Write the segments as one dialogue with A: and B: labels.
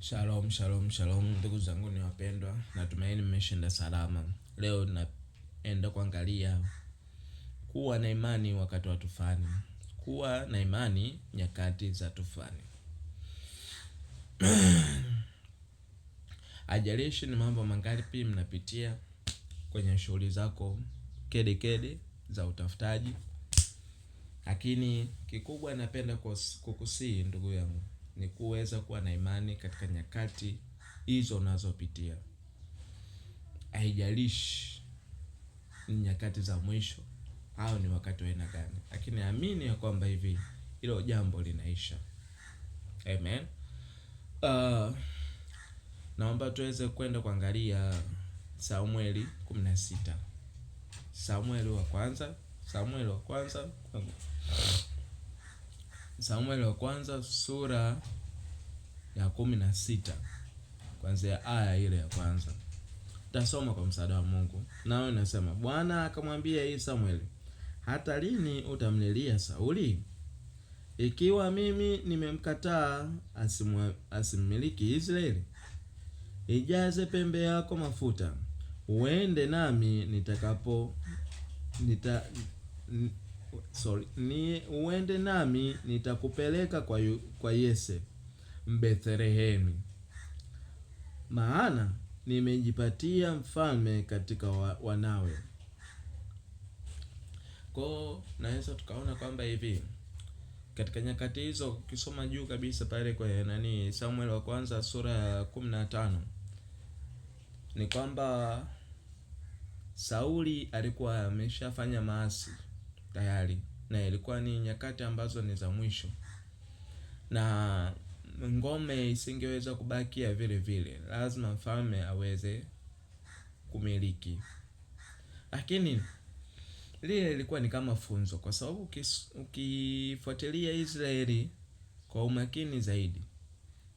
A: Shalom, shalom, shalom ndugu zangu ni wapendwa, natumaini mmeshinda salama. Leo naenda kuangalia kuwa na imani wakati wa tufani, kuwa na imani nyakati za tufani. Ajalishi ni mambo mangapi mnapitia kwenye shughuli zako kedekede kede za utafutaji, lakini kikubwa napenda kukusii ndugu yangu ni kuweza kuwa na imani katika nyakati hizo unazopitia. Haijalishi ni nyakati za mwisho au ni wakati wa aina gani, lakini amini ya kwamba hivi hilo jambo linaisha. Amen. Uh, naomba tuweze kwenda kuangalia Samueli 16. Samueli wa kwanza, Samueli wa kwanza Samueli wa kwanza sura ya kumi na sita kuanzia aya ile ya kwanza. Tasoma kwa msaada wa Mungu. Nao inasema, Bwana akamwambia hii Samueli, hata lini utamlilia Sauli? Ikiwa mimi nimemkataa asimiliki Israeli. Ijaze pembe yako mafuta, uende nami nitakapo nita sorry, ni uende nami nitakupeleka kwa, yu, kwa Yese Mbethlehemi, maana nimejipatia mfalme katika wa, wanawe. Kwa naweza tukaona kwamba hivi katika nyakati hizo ukisoma juu kabisa pale kwa nani Samuel wa kwanza sura ya kumi na tano ni kwamba Sauli alikuwa ameshafanya maasi tayari na ilikuwa ni nyakati ambazo ni za mwisho na ngome isingeweza kubakia vile vile, lazima mfalme aweze kumiliki. Lakini lile lilikuwa ni kama funzo, kwa sababu ukifuatilia Israeli kwa umakini zaidi,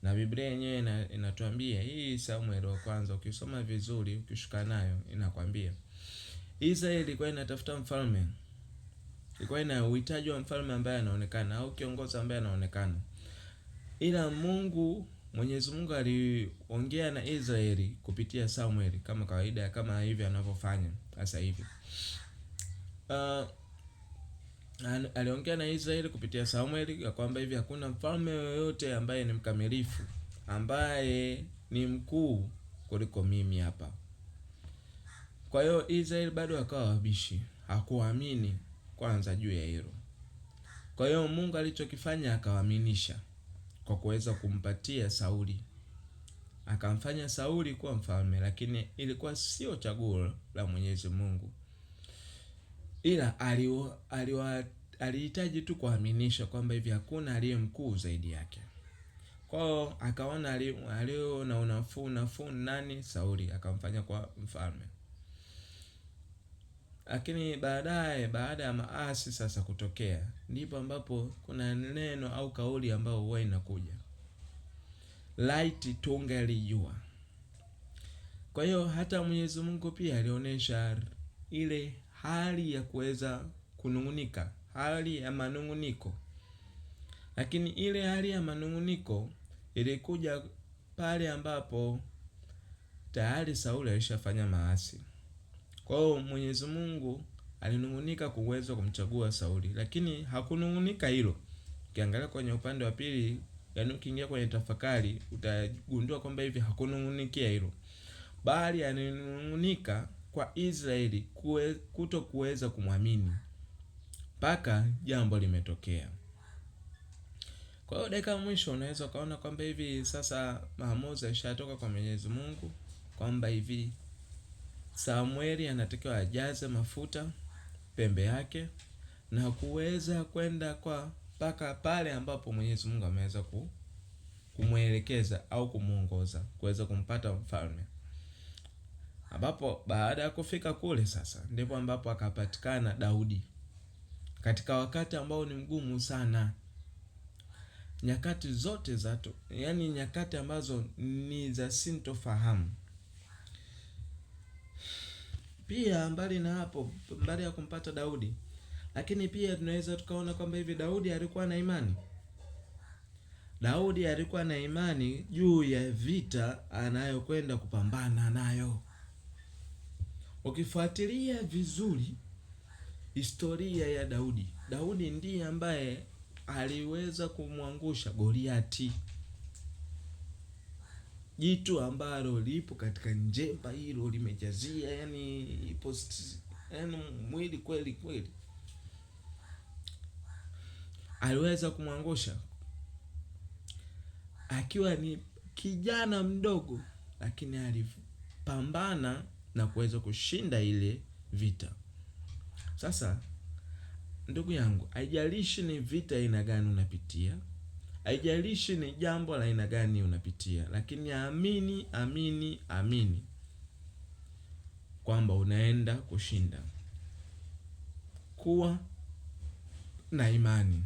A: na Biblia yenyewe inatuambia hii, samuel wa kwanza, ukisoma vizuri, ukishuka nayo, inakwambia Israeli ilikuwa inatafuta mfalme ilikuwa ina uhitaji wa mfalme ambaye anaonekana au kiongozi ambaye anaonekana. Ila Mungu Mwenyezi Mungu aliongea na Israeli kupitia Samuel kama kawaida, kama hivi anavyofanya sasa hivi. Uh, aliongea na Israeli kupitia Samuel ya kwamba hivi hakuna mfalme yoyote ambaye ni mkamilifu, ambaye ni mkuu kuliko mimi hapa. Kwa hiyo Israeli bado akawa wabishi, hakuamini kwanza juu ya hilo. Kwa hiyo Mungu alichokifanya akawaaminisha kwa kuweza kumpatia Sauli, akamfanya Sauli kuwa mfalme, lakini ilikuwa sio chaguo la Mwenyezi Mungu, ila alihitaji tu kuaminisha kwamba hivi hakuna aliye mkuu zaidi yake. Kwao akaona aliona unafuu nafuu nani? Sauli, akamfanya kuwa mfalme. Lakini baadaye baada ya maasi sasa kutokea, ndipo ambapo kuna neno au kauli ambayo huwa inakuja tunga tungalijua. Kwa hiyo hata Mwenyezi Mungu pia alionyesha ile hali ya kuweza kunungunika, hali ya manunguniko. Lakini ile hali ya manunguniko ilikuja pale ambapo tayari Sauli alishafanya maasi. Kwa hiyo Mwenyezi Mungu alinung'unika kuweza kumchagua Sauli, lakini hakunung'unika hilo. Ukiangalia kwenye upande wa pili, yaani ukiingia kwenye tafakari utagundua kwamba hivi hakunung'unikia hilo, bali alinung'unika kwa Israeli kuto kuweza kumwamini mpaka jambo limetokea. Kwa hiyo dakika mwisho unaweza ukaona kwamba hivi sasa maamuzi yashatoka kwa Mwenyezi Mungu kwamba hivi samueli anatakiwa ajaze mafuta pembe yake na kuweza kwenda kwa mpaka pale ambapo Mwenyezi Mungu ameweza kumwelekeza au kumwongoza kuweza kumpata mfalme, ambapo baada ya kufika kule sasa ndipo ambapo akapatikana Daudi katika wakati ambao ni mgumu sana, nyakati zote za yani, nyakati ambazo ni za sintofahamu pia mbali na hapo, mbali ya kumpata Daudi, lakini pia tunaweza tukaona kwamba hivi Daudi alikuwa na imani. Daudi alikuwa na imani juu ya vita anayokwenda kupambana nayo. Ukifuatilia vizuri historia ya Daudi, Daudi ndiye ambaye aliweza kumwangusha Goliati jitu ambalo lipo katika njemba hilo limejazia, yani post yani mwili kweli kweli. Aliweza kumwangusha akiwa ni kijana mdogo, lakini alipambana na kuweza kushinda ile vita. Sasa ndugu yangu, haijalishi ni vita aina gani unapitia. Haijalishi ni jambo la aina gani unapitia, lakini amini, amini, amini kwamba unaenda kushinda. Kuwa na imani,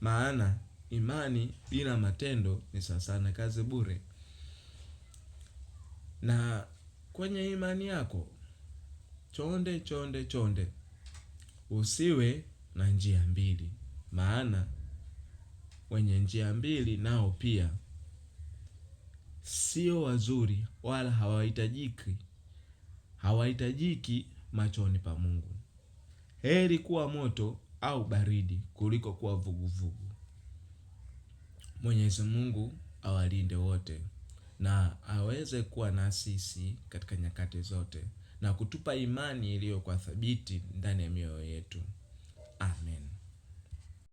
A: maana imani bila matendo ni sawa sana kazi bure. Na kwenye imani yako chonde chonde chonde, usiwe na njia mbili, maana wenye njia mbili nao pia sio wazuri wala hawahitajiki hawahitajiki machoni pa Mungu. Heri kuwa moto au baridi kuliko kuwa vuguvugu. Mwenyezi Mungu awalinde wote na aweze kuwa na sisi katika nyakati zote na kutupa imani iliyokuwa thabiti ndani ya mioyo yetu. Amen.